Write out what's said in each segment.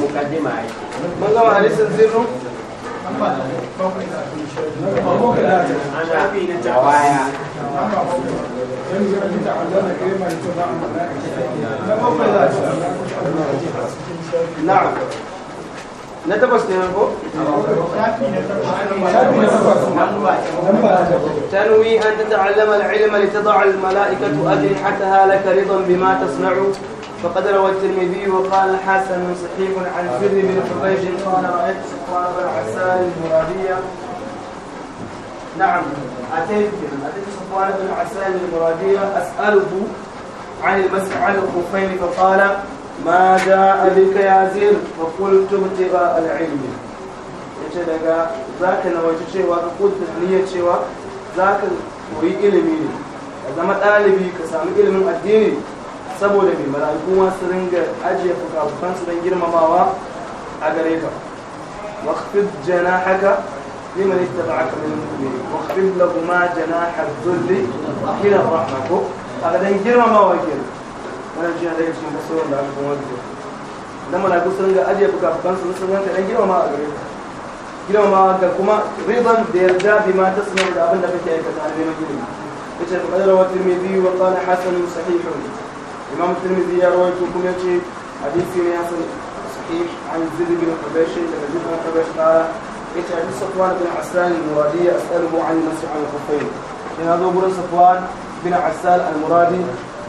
مقدمة لسه زيرو نعم تنوي أن تتعلم العلم لتضع الملائكة أجنحتها لك رضا بما تصنع فقد روى الترمذي وقال الحسن صحيح عن سر بن حبيش قال رأيت صفوان بن عسال المرادية نعم أتيت أتيت صفوان بن عسال المرادية أسأله عن المسح على الخفين فقال ma ja'a bika ya zir fa qul tubtiba al-ilmi yace daga zaka nawaci cewa ka kudin niyyar cewa za ka koyi ilimi ne ka zama ɗalibi ka samu ilimin addini saboda mai mala'iku ma su ringa ajiye fukafukan su don girmamawa a gare ka waqfid janahaka liman ittaba'aka min al-mu'minin waqfid lahumma janaha adh-dhulli ila A kaga dan girmamawa kenan musulunci na daga cikin kusurin da aka kuma zuwa dan malaku sun ringa ajiye fukafukan su sun ringa dan girmama a gare ka girmama da kuma riban da yarda bi ma tasma da abin da kake aikata ne na ilimi yace da qadara wa tirmidhi wa qala hasan sahih imam tirmidhi ya rawaito kuma yace hadisi ne hasan sahih an zid bin qabash da zid bin qabash qala yace hadisi safwan bin asal al-muradi as'aluhu an nasr al-khuffayn yana zo gurin safwan bin asal al-muradi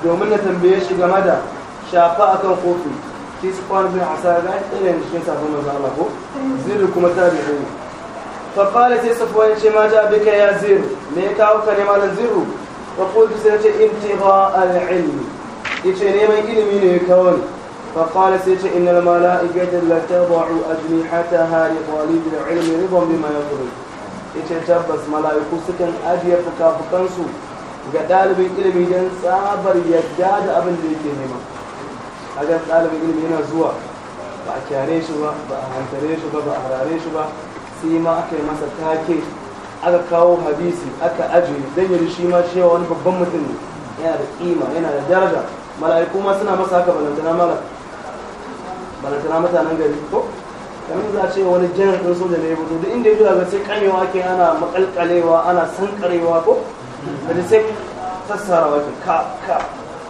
domin na tambaye shi game da shafa akan kofi shi su kwan bin asara ga ɗaya ne shi safon manzo Allah ko zirri kuma ta bi ɗaya faƙala sai safuwa ya ce ma ja bika ya zirri me ya kawo ka ne malam zirru wa kofi sai ce intiha al-ilmi yace neman ilimi ne ya kawo ni فقال سيتش إن الملائكة لتضع أجنحتها لطالب العلم رضا بما يطلب يتشبس ملائكة سكن أجيب فكافكنسو ga ɗalibin ilimi don tsabar yadda da abin da yake nema a ga ɗalibin ilimi yana zuwa ba a kyare shi ba ba a hantare shi ba ba a harare shi ba sai ma aka yi masa take aka kawo hadisi aka ajiye don yi shi ma shi wani babban mutum ne yana da kima yana da daraja mala'iku ma suna masa haka balantana mala balantana mutanen gari ko kamar za a ce wani janar ɗin soja ne ya fito duk inda ya zuwa ga sai kamewa ke ana makalkalewa ana sankarewa ko da sai sassara waje ka ka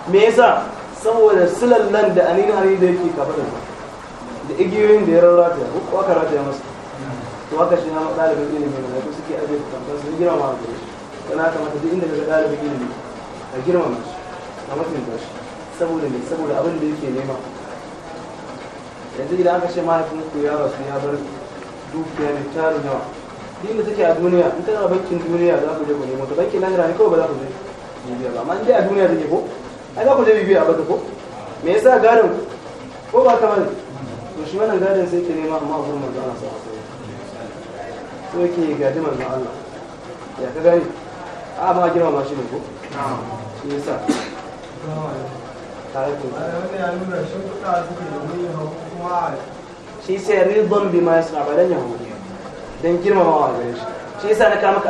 me yasa saboda silan nan da anin hari da yake kafa da da igiyoyin da ya rarrata ya ko aka rata ya masa to haka shi na ɗalibin ilimi da zai suke aje ta tantar su girma ma da shi kana kamata duk inda daga ɗalibin ilimi a girma ma shi a mutunta shi saboda ne saboda abin da yake nema yanzu idan aka ce mahaifin mahaifinku ya rasu ya bar dukiya mai tarin yawa dinda take a duniya in tana bankin duniya za ku je ku nemo ta bankin nan ne kawai ba za ku je bibiya ba amma in dai a duniya take ko ai za ku je bibiya ba ko me yasa garin ko ba ka bane to shi wannan garin sai ke nema amma gurin manzo Allah sallallahu alaihi wasallam so yake gaji manzo Allah ya ka gani a ba girma ma shi ne ko shi yasa shi da yi kuma sai rizon bi ma yasa ba dan yawo don girmamawa a gare shi shi yasa na kama ka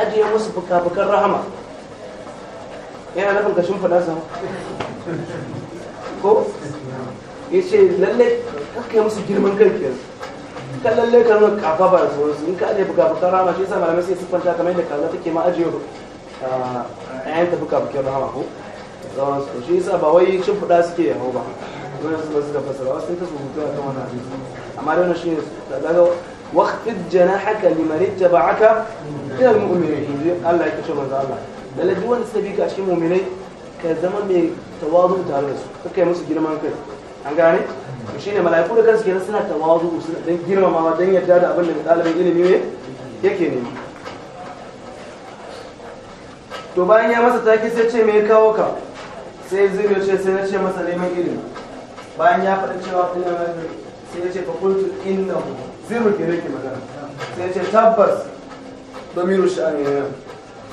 ajiye musu fuka-fukan rahama yana nufin ka shimfiɗa sa ko yace lalle kake musu girman kai kenan lalle ka ba da sauransu in ka ajiye fuka-fukan rahama shi yasa malamai sai ma ajiye a yayin ta fuka-fukan ba suke ba wani su suka fasara wasu sun kasa hutu akan wannan hadisi amma da wannan shine daga waqtid janahaka liman ittaba'aka min al-mu'minin Allah ya kace manzo Allah lalle duk wanda suka bi ka cikin mu'minai ka zama mai tawazu tare da su kaka yi girman kai an gane to shine mala'iku da kansu kenan suna tawazu suna dan girmamawa dan yadda da abin da ɗalibin ilimi ne yake nema to bayan ya masa take sai ce me ya kawo ka sai zai ce sai na ce masa neman ilimi bayan ya faɗi cewa ina sai ya ce fa kuntu innahu zirru ke rike magana sai ya ce tabbas damiru sha'ani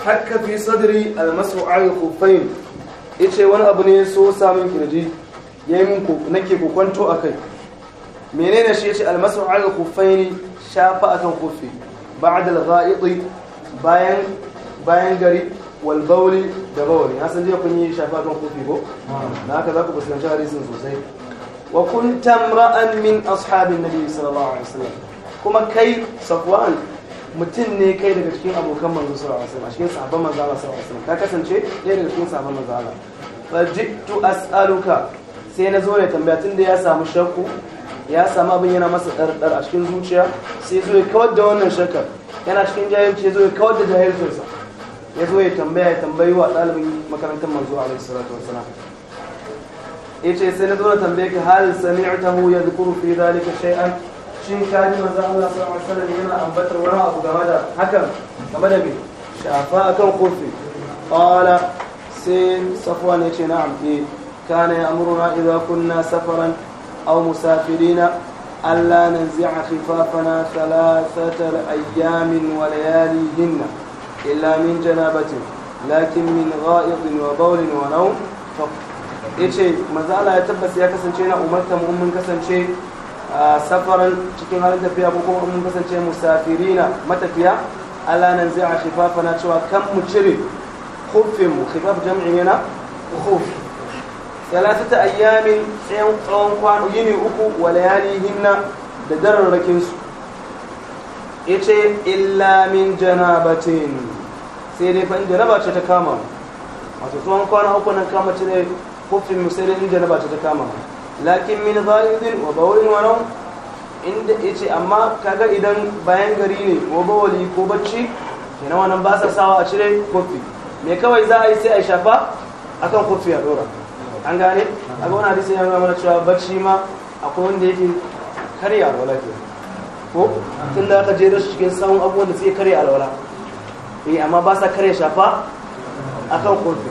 hakka fi sadri almasu al ya ce wani abu ne so samun kirji yayi min ko nake a kai. menene shi ya ce almasu al khuffain shafa akan khuffi ba'd al gha'id bayan bayan gari wal da da ya san jiya kun yi shafa akan khuffi ko na haka za ku fuskanci hadisin sosai wa kunta imra'an min ashabin nabi sallallahu alaihi wasallam kuma kai safwan mutum ne kai daga cikin abokan manzo sallallahu alaihi wasallam cikin sahabban manzo sallallahu alaihi wasallam ka kasance ɗaya daga cikin sahabban manzo Allah fa jittu as'aluka sai na zo ne tambaya tunda ya samu shakku ya samu abin yana masa ɗarɗar a cikin zuciya sai zo ya kawar da wannan shakkar yana cikin jahilci ya zo ya kawar da jahilcinsa ya zo ya tambaya ya tambayi wa ɗalibin makarantar manzo alaihi salatu wasalam yace sai na zo na tambaye ka hal sami'tahu yadhkuru fi dhalika shay'an shin ka ji manzo Allah sallallahu alaihi wasallam yana ambatar wani abu game da hakan game da me shafa akan kurfi qala sai safwan yace na'am eh kana ya'muruna idza kunna safaran aw musafirina ألا ننزع خفافنا ثلاثة أيام ولياليهن إلا من جنابة لكن من غائط وبول ونوم ya ce mazala ya tabbas ya kasance na umarta mu mun kasance safarin cikin halin tafiya ko kuma mun kasance musafirina matafiya Allah nan zai a shifafa na cewa kan mu cire khuffin mu khifaf jam'in yana salatu ta ayyamin tsayon tsawon kwano yini uku wa hinna da dararrakin su yace illa min janabatin sai dai fa inda raba ce ta kama wato tsawon kwano uku nan kama cire kufin misali in janaba ta kama lakin min zalimin wa bawlin wa nawm inda yace amma kaga idan bayan gari ne wa bawli ko bacci kenan wannan ba sa sawa a cire kofi me kawai za a yi sai a shafa akan kofi a dora an gane a ga wani hadisi ya nuna mana cewa bacci ma akwai wanda yake karya alwala ke ko tun da aka jera shi cikin samun abubuwan da suke karya alwala eh amma ba sa karya shafa akan kofi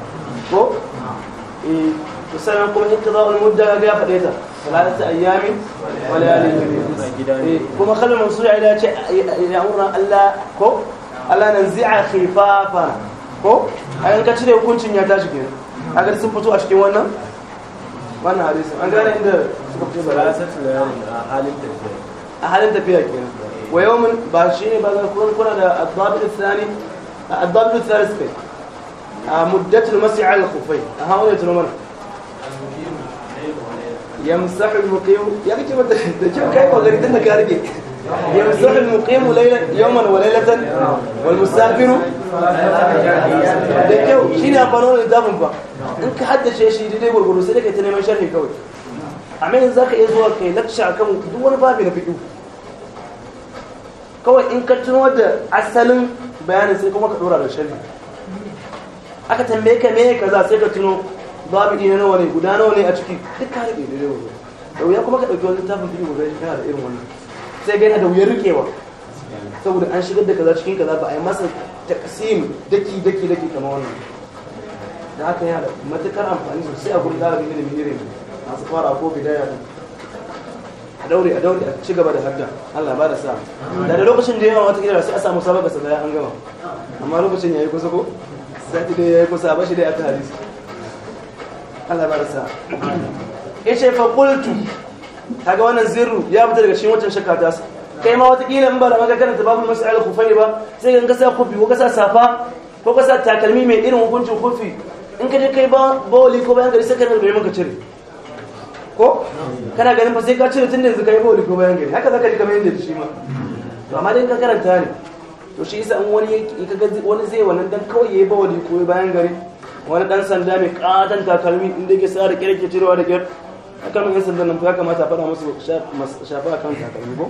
ko misalin kuma intizaul mudda ga ya faɗe ta ثلاثة أيام وليالي كما خلى منصور على يأمرنا ألا كو ألا ننزع خفافا ko a yanka cire hukuncin ya tashi kenan a ga sun fito a cikin wannan wannan hadisin an gane inda suka fito da a halin tafiya a halin tafiya kenan wa yawmin ba shi ne ba kuna da adabul thani adabul thani suka مدة المسح على الخفين هو يترو مرة يمسح المقيم يا بيتي مدة كيف كيف غريت انك يا يمسح المقيم ليلا يوما وليلة والمسافر دكيو شيني أقنون الدابن فا انك حد شيء شيء دي دي بقول سيدك يتنمي شرحي كوي عمين زاخ ازوار كي لكشع كم دوان بابي نفيتو ان انك تنود عسلم بيان سيكو على للشرحي aka tambaye ka me kaza sai ka tuno babu ina nawa ne guda nawa ne a ciki duk ka rike da yawa da wuya kuma ka dauki wani tafin biyu guda shi kana da irin wannan sai ga yana da wuyar rikewa saboda an shigar da kaza cikin kaza ba a yi masa taqsim daki daki daki kamar wannan da haka yana da matukar amfani sosai a gurin bin ilimin irin masu fara ko bidaya a daure a daure a ci gaba da hadda Allah ba da sa da da lokacin da yawa wata kira sai a samu sabaka sai an gama amma lokacin yayi kusa ko sati dai ya yi kusa ba shi dai aka hadisi Allah bar sa ya ce fa qultu kaga wannan zirru ya fita daga cikin wancan shakata ta sa kai ma wata kila in ba da maka karanta babu mas'al khufai ba sai kan kasa kufi ko kasa safa ko kasa takalmi mai irin hukuncin kufi in ka je kai ba bawli ko bayan gari sai ka rubuce maka cire ko kana ganin ba sai ka cire tun da yanzu kai bawli ko bayan gari haka zaka ji kamar yadda shi ma to amma dai ka karanta ne to shi yasa in wani kaga wani zai wannan dan kawai yayi wani koyi bayan gari wani dan sanda mai katan takalmi inda yake sa da kirke cirewa da kyar akan mun sanda nan ya kamata faɗa musu shafa akan takalmi ko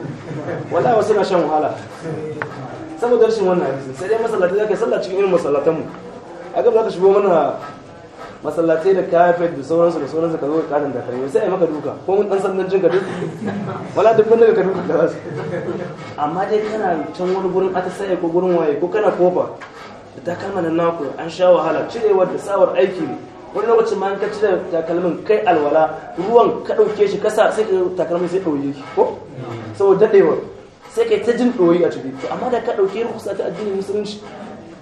wallahi wasu na shan wahala saboda rashin wannan hadisi sai dai masallaci zaka sallar cikin irin masallatan mu a gaba ka shigo mana masallatai da kafet da sauransu da sauransu ka zo ka kanin da kare sai yi maka duka ko mun dan sannan jin ka duk wala duk wanda ka duka da amma dai kana can wani gurin aka sai ko gurin waye ko kana kofa da takalma na naku an sha wahala cirewar da sawar aiki ne wani lokacin ma ka cire takalmin kai alwala ruwan ka dauke shi kasa sai ka takalmin sai dauke shi ko saboda dadewar sai kai ta jin doyi a ciki to amma da ka dauke rukusa ta addinin musulunci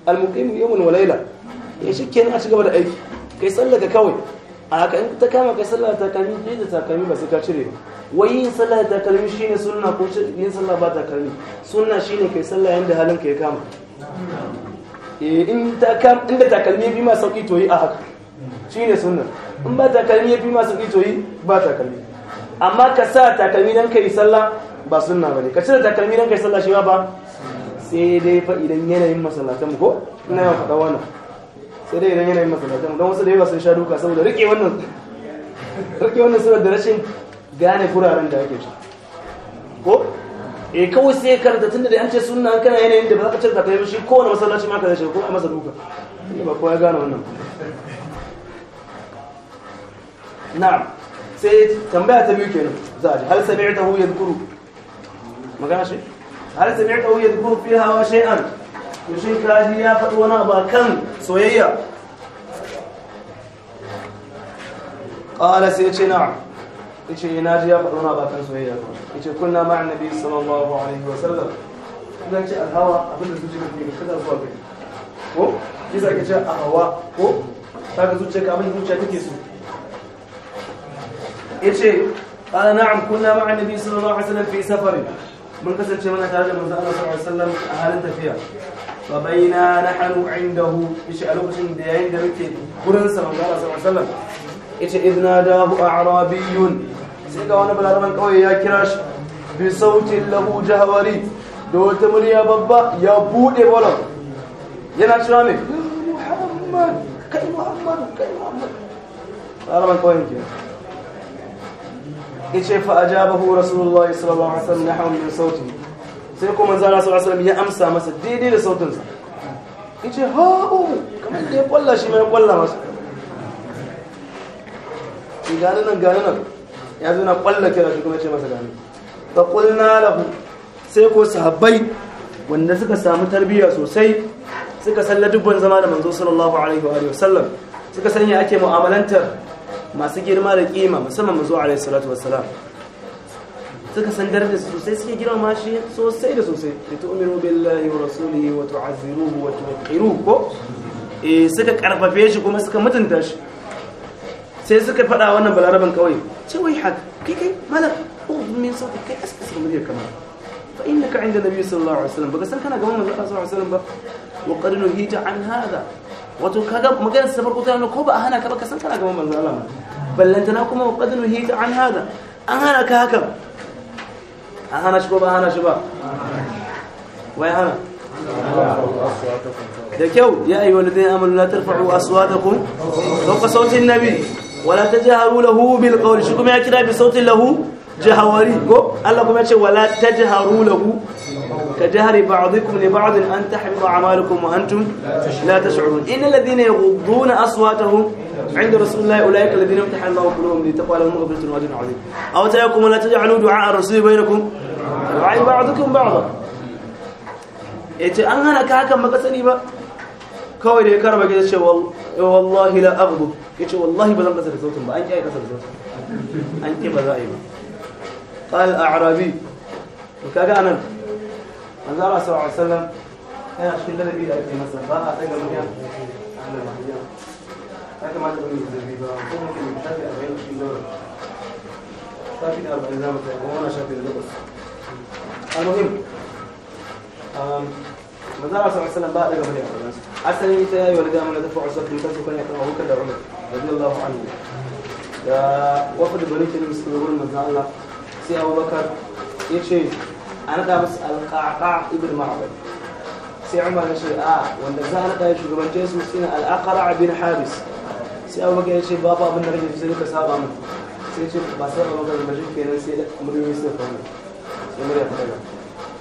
almuqim yawmun wa layla ya eh shi kenan a cigaba da aiki kai sallaka kawai a haka in ta kama kai sallar ta kalmi da takalmi ba sai ka cire ba wai yin sallar da takalmi shine sunna ko yin sallar ba takalmi sunna shine kai sallar yanda halin ka ya kama eh in ta kam inda takalmi ya bi ma sauki to yi a haka shine sunna in ba takalmi ya bi ma sauki to yi ba takalmi amma ka sa takalmi dan kai sallah ba sunna bane ka cire takalmi dan kai sallah shi ba sai dai fa idan yanayin masallatan ko ina yawan faɗa wannan sai dai idan yanayin masallacin don wasu da yawa sun sha duka saboda rike wannan rike wannan surar da rashin gane kuraren da ake ci ko eh kawai sai karanta tun da an ce sunna an kana yanayin da ba za ka cika ta yi shi wani masallaci ma ka zai shiga ko a masa duka inda ba kowa ya gane wannan na'am sai tambaya ta biyu kenan za a ji hal sami'tahu yadhkuru magana shi hal sami'tahu yadhkuru fiha wa shay'an mutum kaji ya faɗi wani abu kan soyayya ƙala sai ce na ce na ji ya faɗi wani abu kan soyayya ya ce kunna ma'an nabi sallallahu alaihi wa sallam ina ce alhawa abinda su jika ne kada zuwa gari ko kisa ka ce a hawa ko ta ka zuciya ka abinda zuciya take so ya ce ƙala na'am kunna ma'an nabi sallallahu alaihi wa sallam fi safarin mun kasance mana tare da manzo Allah sallallahu alaihi wa sallam a halin tafiya فبينا نحن عنده يشعلوه عند عند متي قرن صلى الله عليه وسلم إذ ناداه أعرابي سيدا وانا بلا رمان قوي يا كراش بصوت له جهوري دوت مريا بابا يا بود ولا يا ناشرامي يا محمد كي محمد كي محمد رمان قوي يا إيش فأجابه رسول الله صلى الله عليه وسلم نحو من صوته sai kuma zara sau alaihi ya amsa masa daidai da sautinsa ce ha'u oh, kamar da ya kwalla shi mai kwalla masa shi gani nan gani nan ya zo na kwalla kira shi kuma ce masa gani fa qulna lahu sai ko sahabbai wanda suka samu tarbiyya sosai suka salla dubban zama da manzo sallallahu alaihi wa sallam suka sanya ake mu'amalantar masu girma da kima musamman manzo alaihi salatu wassalam suka san darajar sosai suke girmama shi sosai da sosai da tu'minu billahi wa rasulihi wa tu'azziruhu wa tuqiruhu ko eh suka karfafe shi kuma suka mutunta shi sai suka faɗa wannan balaraban kawai ce wai haka kai kai malam uf min sauti kai askasa muryar kamar fa innaka inda nabi sallallahu alaihi wasallam baka san kana gaban manzo sallallahu alaihi wasallam ba wa qad nuhita an hada wato kaga maganar safar ko tana ko ba a hana ka ba ka san kana gaban manzo Allah ballantana kuma wa qad nuhita an hada an hana ka haka an hana ba hana shi da kyau ya ayi wani zai amur la tarfa'u aswatakum fawqa sautin nabi wala tajharu lahu bil qawli shi kuma ya kira bi sautin lahu jahawari ko Allah kuma ce wala lahu كجهر بعضكم لبعض أن تحبط أعمالكم وأنتم لا تشعرون إن الذين يغضون أصواتهم عند رسول الله أولئك الذين امتحن الله قلوبهم لتقوى لهم مغفرة وأجر عظيم أو تأكم ولا تجعلوا دعاء الرسول بينكم رعي بعضكم بعضا yace an hana ka hakan baka sani ba kawai da ya karba gida ce wallahi la aghdu yace wallahi ba zan kasar sautin ba an kiyaye kasar sautin an kiyaye ba ماذا صلى الله عليه وسلم إيه، أنا أشكي الذي بيلا لأبني مثلا فأنا أتجا مهيا أهلا مهيا لكن ما تقول لي بقى ممكن يتشافي أربعين في دولة شافي أربعين زي ما تقول وأنا شافي دولة المهم ماذا صلى الله عليه وسلم بقى أتجا مليان أحسن أنت يا أيها أيوة، الذين آمنوا تدفعوا الصدق لتنسوا وكذا يقرأه كذا عمر رضي الله عنه da wafa da من ke سي أبو بكر zala إيه sai أنا دا بس القعقاع ابن معبد سي عمر نشي آه وانت زهر دا يشوك من جيس مسكين الأقرع بن حابس سي أول مكان يشي بابا من نغي جفزيني كسابا من سي يشوك بسابا مكان المجيب كينا سي مريو يسي فهم سي مريو فهم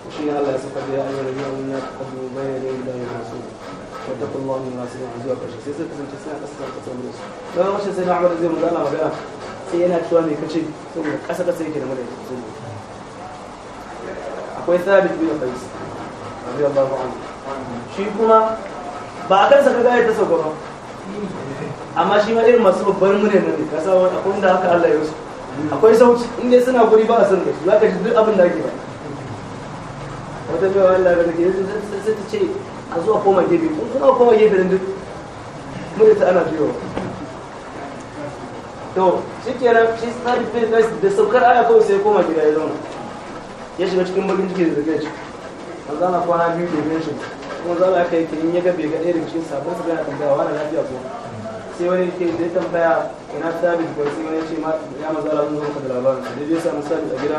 وشي الله يسفر يا أيها الذين أمنا تقدموا بين الله ورسوله واتقوا الله من الناس الذين عزوا كشي سي سيكسن تسنا قصة قصة مريس لا يوجد سي نعمل زي مدالة مدالة سي أنا أتواني كشي سي أسكت سي كينا مريو akwai sabit bin qais radiyallahu anhu shi kuma ba a kansa kaga ya ta sauka ba amma shi ma irin masu babbar mune ne ka sa wani akwai da haka Allah ya wasu akwai sauci in dai suna guri ba a san da su zaka ji duk abin da ake ba wata bai Allah da ke sai ta ce a zuwa koma gefe in kuma koma gefe din duk mune ta ana biyo to shi kenan shi sabit bin qais da saukar aya kawai sai koma gida ya zauna ya shiga cikin bakin ciki da zai ci manzo Allah kwana biyu da bin shi kuma za a kai in ya ga bai ga ɗaya daga cikin sabon su yana tambaya wani lafiya ko sai wani ke da ya tambaya ina sabit ko sai wani ya ce ma ya manzo Allah mun zo maka da labarin da zai samu sabit a gida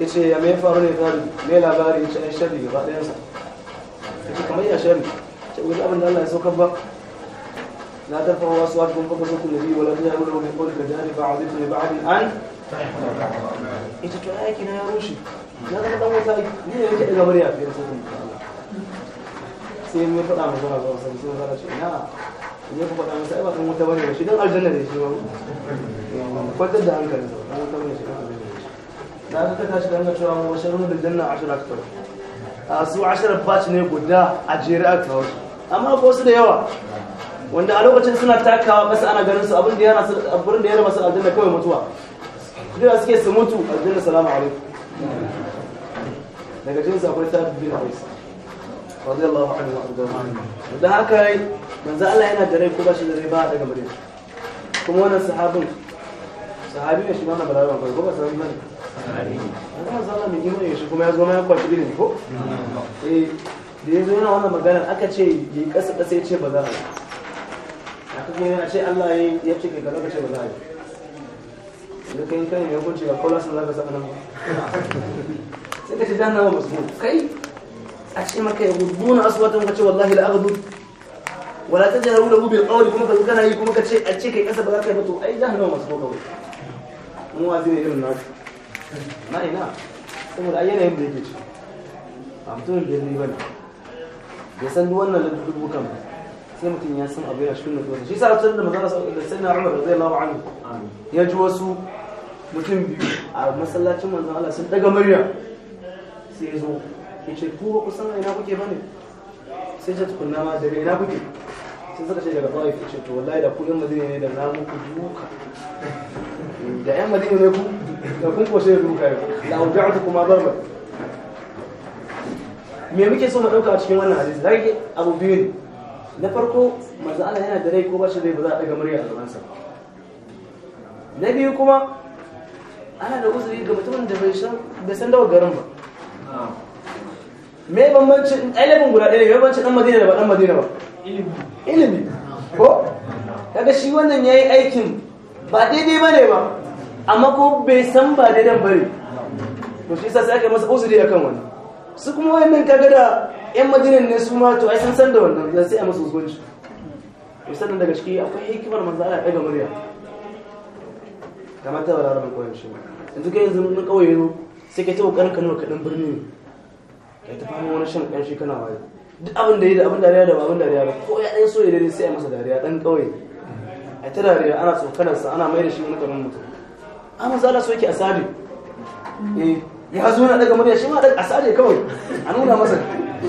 ya ce ya mai faru ne sabit mai labari ya ce ai sharri gaba ɗayansa ya ce kamar ya sharri ce wani abin da Allah ya saukar ba لا ترفعوا أصواتكم فوق صوت النبي ولا تجهروا له بالقول كجهر بعضكم لبعض أن ita to aiki na ya rushe na zama dan wata ne ne yake daga murya fiye da sai sai mun faɗa mu zuwa zuwa sai mun fara ce na ne faɗa masa ai ba kan wata shi dan aljanna da shi ba kwantar da hankalin sa dan wata bane shi dan aljanna da aka ka tashi dan cewa mu sharru bil janna ashara aktar a su ashara ne guda a jere aka amma ko su da yawa wanda a lokacin suna takawa kasa ana ganin su abin da ya abin da ya rasa aljanna kawai mutuwa duk suke su mutu aljanna salamu alaikum daga cikin akwai ta bin Qais radiyallahu anhu wa anhu da haka manzo Allah yana da rai ko ba shi da rai ba daga Madina kuma wannan sahabin sahabi ne shi ma na balaga ko ba sahabi ba sahabi Allah zalla mai imani shi kuma ya zo ma ya kwaci bilin ko eh da ya yana wannan magana aka ce yi kasa kasa ya ce ba za a yi aka ce Allah ya ce ka ka ce ba za a yi yanzu kai kai mai hukunci ga kola sun zaka saka nan sai ka ce dan nawa musu kai a ce maka yaguduna aswatan ka ce wallahi la'aghdu wala tajharu lahu bil qawli kuma ka kana yi kuma ka ce a ce kai kasa ba za ka yi ba to ai masu ko kawai mu wazi ne irin nasu na ina saboda ai yanayin da yake ci mutumin da ne bane bai san duk wannan lallubukan ba sai mutum ya san abu yana cikin nutsuwa shi sa rasulun da manzara da sayyidina Umar radiyallahu anhu ya ji wasu mutum biyu a masallacin manzan Allah sun daga murya sai ya zo ya ce ko kusan ina kuke bane sai ce tukunna ma daga ina kuke sai suka ce daga kawai ya ce to wallahi da ku yan madina ne da na ku duka da yan madina ne ku da kun ko sai duka ya la ujatu kuma barba me muke so mu dauka a cikin wannan hadisi zai abu biyu ne na farko manzo Allah yana da rai ko ba shi rai ba za a daga murya a gaban sa na biyu kuma ana da uzuri ga mutumin da bai san dawa garin ba me bambancin ilimin guda ɗaya me bambanci ɗan madina da ba ɗan madina ba ilimi ko kaga shi wannan ya yi aikin ba daidai ba ne ba amma ko bai san ba daidan ba ne to shi sai aka masa uzuri akan wani su kuma wayannan kaga da yan madina ne su ma to ai sun san da wannan sai a masa uzuri to sannan daga ciki akwai hikimar manzo Allah ya ga murya ya mata ba larabin ƙauyen shi yanzu kai yanzu na ƙauye no sai kai ta ƙoƙarin ka nuna kaɗan birni Ka kai ta fama wani shan ƙanshi kana waye duk abin da yi da abin dariya da babin dariya ba ko ya ɗan so ya dare sai a masa dariya ɗan ƙauye a ta dariya ana sa ana mai da shi wani ƙaramin mutum maza zala so yake asali eh ya zo na daga murya shi ma daga asali kawai a nuna masa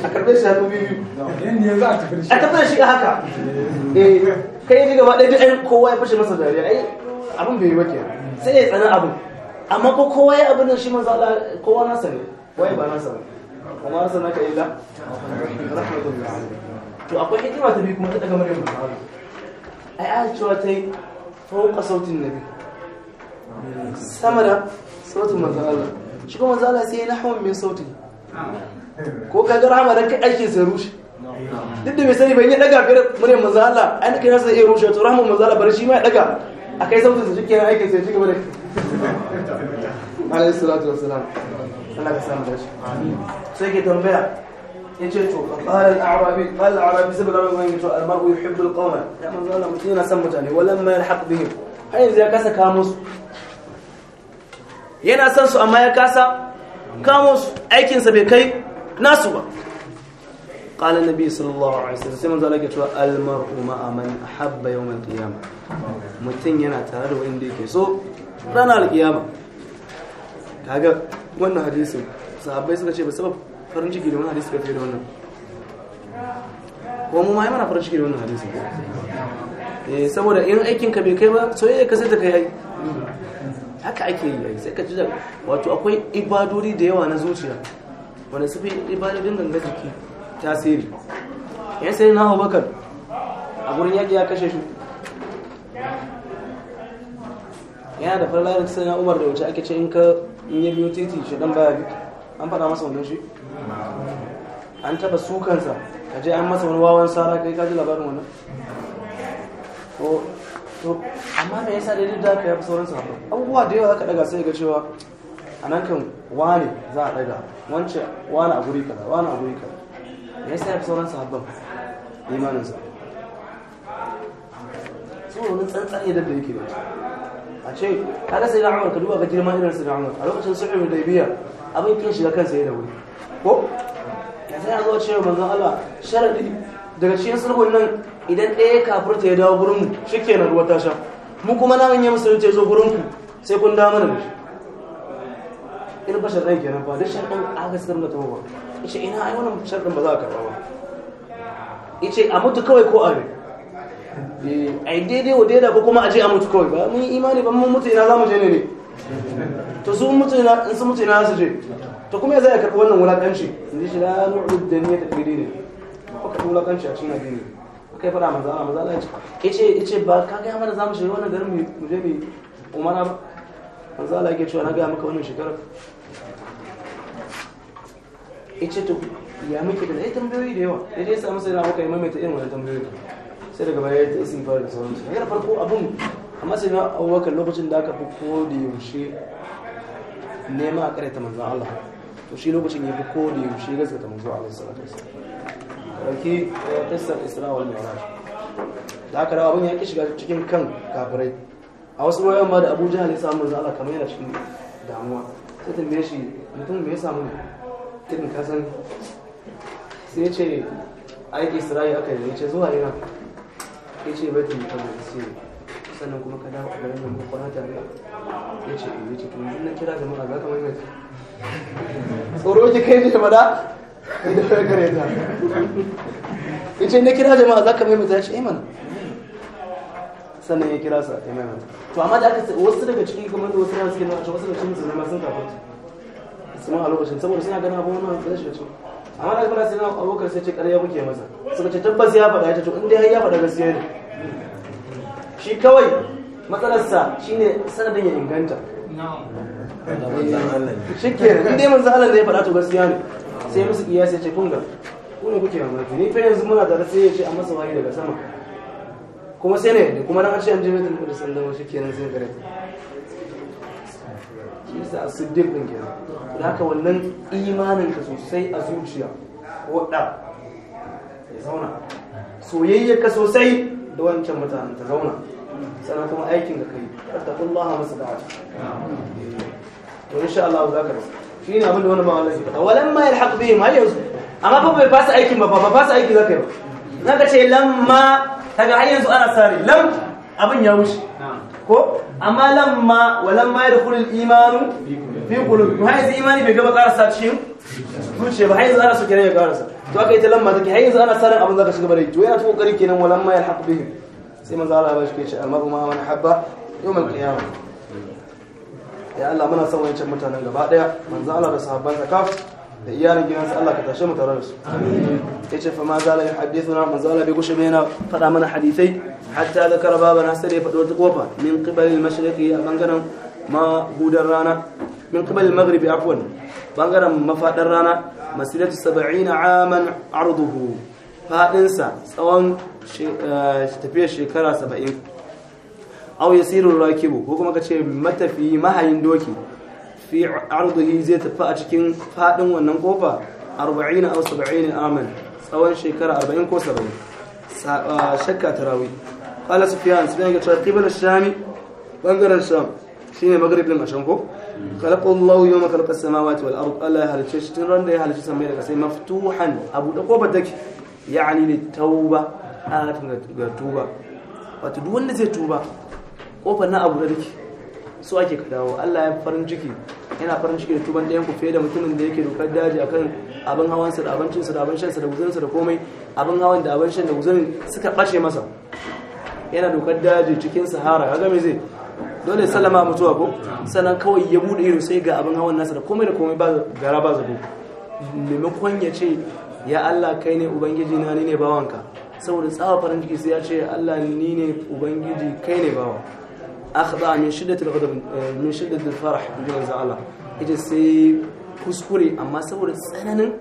a karbe shi hannu biyu a tafi da shi haka eh kai ji gaba ɗaya duk kowa ya fashe masa dariya ai abin bai yi wake sai ya tsana abin amma ko kowa ya abin nan shi manzo Allah kowa nasa ne wai ba nasa ba kuma nasa naka illa rahmatullah to akwai hikima ta biyu kuma ta daga maryam ba ai a cewa ta yi fauka sautin nabi sama da sautin manzo Allah shi kuma manzo Allah sai ya nahwan min sautin ko ka rahama dan ka aikin sai rushe duk da bai sani bai yi daga fere muryar manzo Allah ai kai nasa iya rushe to rahama manzo Allah bari shi ma ya daga أكيد زبط السجيك أنا أكيد السجيك بريك على الصلاة والسلام صلى الله عليه وسلم سجيك يجيتوا قال الأعرابي قال الأعرابي سبب ما يجوا المرء يحب القوم يا من قال مسلمين سموا تاني ولما يلحق بهم هاي زي كاسة كاموس ينا سنسو أما يا كاسة كاموس أيكن سبيكي ناسوا qala nabi sallallahu alaihi wasallam sai manzo Allah ke cewa al mar'u yana tare da wanda yake so ranar al kaga wannan hadisin sahabbai suka ce ba sabab farin ciki da wannan hadisi ka fiye da wannan ko mu ma yana farin ciki da wannan hadisi eh saboda in aikin ka bai kai ba soyayya ka sai ta kai haka ake yi sai ka ji wato akwai ibadori da yawa na zuciya wanda su fi ibadodin gangan jiki tasiri ya sai na bakar a gurin yaƙi ya kashe shi yana da farla da sai na umar da wuce ake ce in ka in ya biyo titi shi dan baya an faɗa masa wannan shi an taɓa sukansa ka je an masa wani wawan sara kai ka ji labarin wannan to amma me yasa dai da ka yi sauran sabo abubuwa da yawa zaka daga sai ga cewa a nan kan wani za a daga wance wani a guri kaza wani a guri kaza me yasa ya fi sauran sahabban imaninsa saboda wani tsantsar yadda da yake da a ce kaga sai na umar ka duba ga girma irin sai na umar a lokacin sulhul hudaybiya abin kin shiga kan kansa da wuri ko ya sai zo cewa manzon Allah sharadi daga cikin sulhun nan idan ɗaya kafirta ya dawo gurin mu shikenan ruwa ta sha mu kuma nan ya musulunci zo gurin ku sai kun da mana da shi irin bashar ɗan kenan fa duk sharɗan aka sirna ta mawa ce ina ai wannan sharrin ba za ka karba ba yace a mutu kawai ko abi eh ai daidai wa daidai ko kuma a je a mutu kawai ba mun yi imani ba mun mutu ina za mu je ne ne to su mutu ina in su mutu ina su je to kuma ya zai karba wannan wulakanci in shi la nu'ud dunya ta al ne. ko ka wulakanci a cikin addini kai fara manzo Allah manzo Allah ya ce yace ba ka ga mana zamu shiga wannan garin mu je ne umara manzo Allah yake cewa na ga maka wannan shekarar ya ce to ya muke da tambayoyi da yawa ya je samu sai na abokan ya maimaita irin wani tambayoyi sai daga baya ta isi fara da su yana farko abin amma sai na abubakar lokacin da aka fi ko da yaushe nema a karaita manzan Allah to shi lokacin ya fi ko da yaushe gaske ta manzan Allah sallallahu alaihi wasallam ya eh, tasar isra wal mi'raj da aka rawa abin ya ki shiga cikin kan kafirai a wasu wayan ma da Abu Jahal ya samu manzan Allah kamar yana cikin damuwa sai tambaye shi mutum me ya samu ne tudun kasan sai ce aiki sirayi aka yi ce zuwa yana, ya ce bai tun kan yi, sannan kuma ka dawo a garin nan mun kwana tare ya ce eh, ya ce to yanzu na kira da ma'a za ka mai tsoro ki kai ne mada da ya kare ta ya ce na kira jama'a za ka mai mai ce eh, mana sannan ya kira su a taimaka to amma da aka wasu daga cikin kamar da wasu na suke na wasu daga cikin zuwa masu kafin su a lokacin saboda suna ganin abin wannan sai shi su amma da kuma sai na abokan sai ce ƙarya muke masa suka ce tabbas ya faɗa ya ce in dai ya faɗa gaskiya ne shi kawai matsalarsa shine sanadin ya inganta shi ke in dai manzan Allah da ya faɗa to gaskiya ne sai musu iya sai ce kunga ku ne kuke mamaki ni fa yanzu muna tare sai ya ce a masa wahayi daga sama kuma sai ne kuma dan an ce an je da sallama shi kenan sai gare ta isa a siddiq din kenan da haka wannan imanin ka sosai a zuciya ko da ya zauna soyayya ka sosai da wancan mutanen ta zauna sannan kuma aikin ka kai taqullaha masda'a to insha Allah za ka shi ne abin da wani ma'amalin ke faɗa walan ma yalhaq bihim har yanzu amma fa bai fasa aikin ba ba fasa aiki za ka yi ba zaka ce lamma kaga har yanzu ana sare lam abin ya wuce ko amma lamma walamma yadkhulul imanu fi qulub to haizu imani bai gaba karasa cikin zuciya ba haizu ana so kenan ya karasa to aka yi ta lamma take haizu ana sanin abin zaka shiga bare to yana ta kokari kenan walamma yalhaq bihim sai manzo Allah ya bashi al almaru ma man habba yawm alqiyamah ya Allah muna son wancan mutanen gaba daya manzo Allah da sahabbansa kaf da iyalin gidansa Allah ka tashe mu tare da su amin yace fa ma zala yuhaddithuna manzo Allah bai gushe mai yana fada mana hadisai hatta zakara baban hasar ya faɗi wata kofa min qibalil mashriqi a bangaren mahudan rana min qibalil maghribi afwan arduhu fadin tsawon shekara 70 aw yasiru rakibu ko kuma kace matafi mahayin doki fi arduhi zai tafi a cikin fadin wannan kofa a aw 70 aman tsawon shekara 40 kala sufyan sufyan ya ce qibla shami bangaren sham shine maghrib din ashan ko khalaqa Allah yawma khalaqa as-samawati wal ard Allah ya halice shi tun ran da ya halice samai daga sai maftuhan abu da kobar take yani ne tauba ga tuba wato duk wanda zai tuba kofar na abu da take so ake ka dawo Allah ya farin ciki yana farin ciki da tuban ɗayan ku fiye da mutumin da yake dokar daji akan abin hawansa da abincinsa da abin shansa da guzurinsa da komai abin hawan da abin shan da guzurin suka ɓace masa yana dokar daji cikin sahara kaga me zai dole mutuwa ko sannan kawai ya bude ido sai ga abin hawan nasa da komai da komai ba gara ba zago maimakon ya ce ya Allah kai ne ubangiji na ni ne bawanka saboda tsawa farin ciki sai ya ce Allah ni ne ubangiji kai ne bawa akhda min eh, min bi Allah ita sai kuskure amma saboda tsananin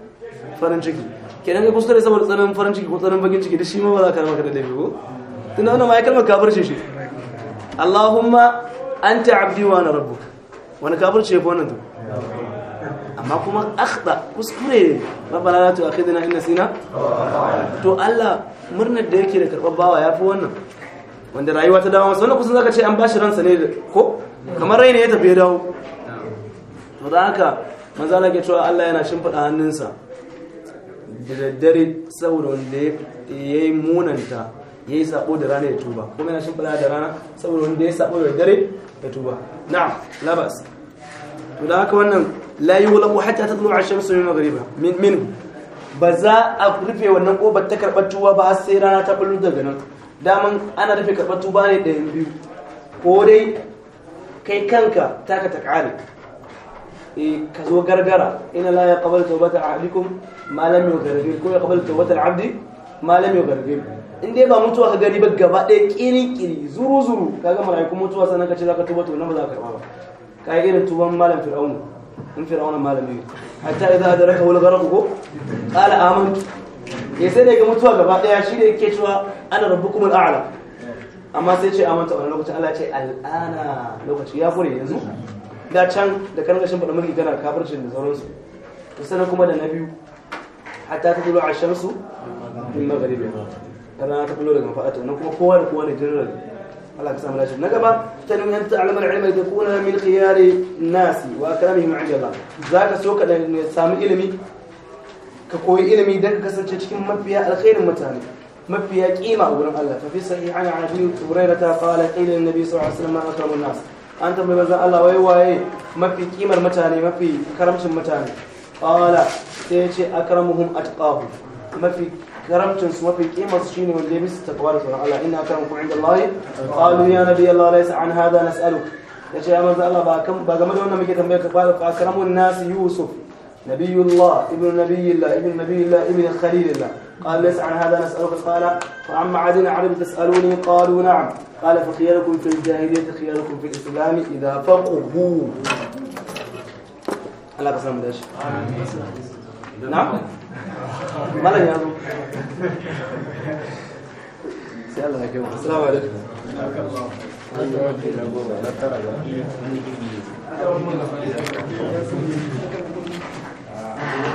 farin ciki kenan ga kuskure saboda tsananin farin ciki ko tsananin bakin ciki da shi ma ba za ka maka da laifi tunda wannan ma ya kalmar kafirce shi Allahumma anta abdi wa ana rabu wani ce fa wannan to amma kuma akhta kuskure rabbana la tu'akhidna in nasina to Allah murnar da yake da karbar bawa ya fi wannan wanda rayuwa ta dawo masa wannan kusan zaka ce an bashi ransa ne ko kamar rai ne ya tafi ya dawo to da haka manzo Allah ke cewa Allah yana shimfiɗa hannunsa da daddare saboda wanda ya yi munanta ya yi sabo da rana ya tuba kuma yana shimfiɗa da rana saboda wanda ya sabo da dare ya tuba na'am labas to da haka wannan la yughlaqu hatta tatlu ash-shamsu min maghriba min min ba za a rufe wannan kobar ta karɓar tuba ba sai rana ta bullo daga nan daman ana rufe karɓar tuba ne da biyu ko dai kai kanka taka ta ƙare eh, ka zo gargara ina la ya qabala tawbata ahadikum ma lam yughargir ko ya qabala tawbata al-abdi ma lam yughargir in ya ba mutuwa ka gani ba gaba ɗaya ƙiri-ƙiri zuru-zuru ka ga kuma mutuwa sannan ka ce za ka tuba tuba ba za ka karɓa ba ka yi irin tuban malam fir'auna in fir'auna malam ne hatta a daraka wal gharq ko ƙala amin ya eh, sai daga mutuwa gaba ɗaya shi ne ke cewa ana kuma al'ala amma sai ce ta wani lokacin Allah ce al'ana lokaci ya kure yanzu da can da karkashin faɗa mulki gana kafircin da sauransu sanar kuma da na biyu hatta ta tulo a shamsu min magharibi rana ta kullu daga mafa'ata wannan kuma kowa da kowa ne general Allah ka samu lafiya na gaba ta nuna ta alama ilmi da kuna min khiyari nasi wa kalamihim ajaba zaka so ka samu ilimi ka koyi ilimi dan ka kasance cikin mafiya alkhairin mutane mafiya kima a wurin Allah fa fi sahihan an abi hurairah qala qila an-nabi sallallahu alaihi wasallam akramun nas an tambaye manzon Allah wai waye mafi kimar mutane mafi karamcin mutane qala sai ya ce akramuhum atqahu mafi كرمتن سما في كيما سشيني واللي بس تقوالك على إنها كرمكم عند الله قالوا يا نبي الله ليس عن هذا نسألك يا شيخ أمر الله باكم باكمل وانا ميكي تنبيه تقوالك فأكرموا الناس يوسف نبي الله ابن نبي الله ابن نبي الله ابن خليل الله قال ليس عن هذا نسألك قال فعما عدنا نعم عرب تسألوني قالوا نعم قال فخياركم في الجاهلية خياركم في الإسلام إذا فقهوا الله قسم الله نعم malam ya zo sai Allah ya kai mu